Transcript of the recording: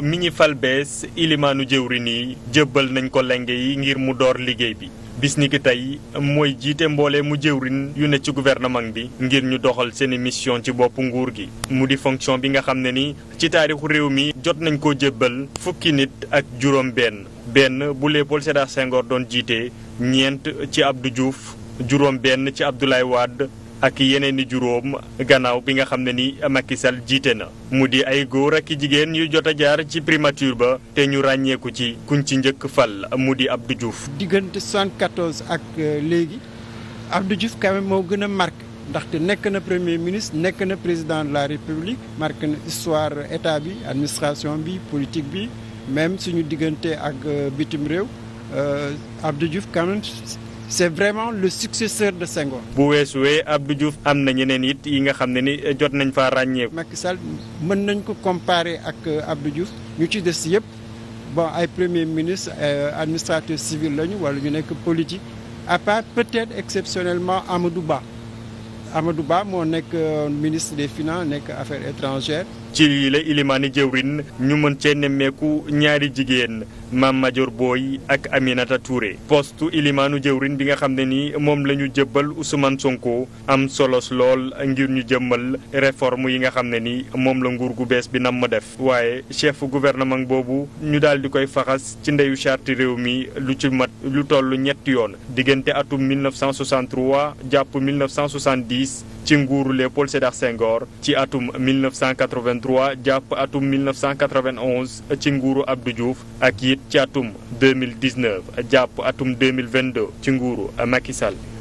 mi ñi fal bees ilimaanu jëwriñ yi jëbbal nañ ko lenge yi ngir mu door liggéey bi bis ni tey mooy jiite mboole mu jëwriñ yu ne ci gouvernement bi ngir ñu doxal seeni mission ci bopp nguur gi mu di fonction bi nga xam ne ni ci taarixu réew mi jot nañ ko jëbbal fukki nit ak juróom benn benn bu Léopold Sédar doon jiite ñeent ci Abdou Diouf juróom benn ci Abdoulaye Wade ak yeneen juróom gannaaw bi nga xam ne ni Macky Sall jiite na mu di ay góor ak jigéen yu jot a jaar ci primature ba te ñu ràññeeku ci kuñ ci njëkk fal mu di Abdou Diouf. diggante 74 ak euh, léegi Abdou Diouf quand même moo gën a marqué ndaxte nekk na premier ministre nekk na président de la république marqué na histoire état bi administration bi politique bi même suñu diggante ak euh, bitim réew euh, Abdou Diouf quand c'est vraiment le successeur de Senghor. bu weesuwee wee Diouf am na ñeneen it yi nga xam ne ni jot nañ fa ràññeeku. Macky Sall mën nañ ko comparer ak euh, Abdou ñu ci des yëpp bon ay premier ministre euh, administrateur civil lañu wala ñu nekk politique à part peut-être exceptionnellement Amadou Ba. Amadou Ba moo nekk euh, ministre des finances nekk affaires étrangères. ci lii la Ilimani Diawrine ñu mën cee nemmeeku ñaari jigéen. Mame Madior Boye ak Aminata Touré poste ilimaanu jëwrin bi nga xam ne ni moom la ñu jëbbal Ousmane Sonko am solos lool ngir ñu jëmmal réforme yi nga xam ne ni moom la nguur gu bees bi nam ma def waaye chef gouvernement boobu ñu daal di koy faxas ci ndeyu charte réew mi lu ci mat lu toll ñetti yoon diggante atum 1963 jàpp 1970 ci nguuru Léopold Sédar Senghor ci atum 1983 jàpp atum 1991 ci nguuru Abdou Diouf ak it ci atum 2019 jàpp atum 2022 ci nguuru Macky sal